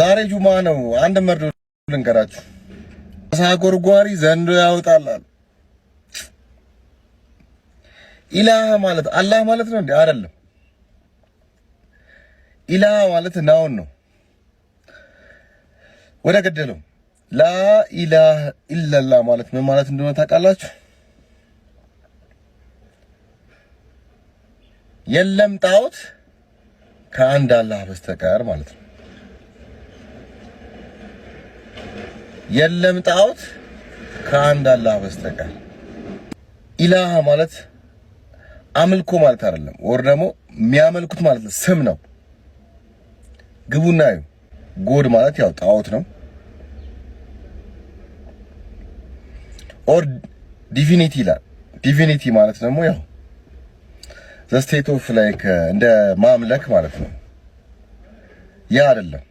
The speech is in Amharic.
ዛሬ ጁማ ነው። አንድ መርዶ ልንገራችሁ። አሳ ጎርጓሪ ዘንዶ ያወጣላል። ኢላህ ማለት አላህ ማለት ነው እንዴ? አይደለም። ኢላህ ማለት ናውን ነው። ወደ ገደለው ላ ኢላህ ኢላላ ማለት ምን ማለት እንደሆነ ታውቃላችሁ? የለም ጣዖት ከአንድ አላህ በስተቀር ማለት ነው። የለም ጣዖት ከአንድ አላህ በስተቀር። ኢላሃ ማለት አምልኮ ማለት አይደለም፣ ወር ደግሞ የሚያመልኩት ማለት ነው፣ ስም ነው። ግቡና ጎድ ማለት ያው ጣዖት ነው። ኦር ዲቪኒቲ ይላል። ዲቪኒቲ ማለት ደግሞ ያው ዘ ስቴት ኦፍ ላይክ እንደ ማምለክ ማለት ነው። ያ አይደለም።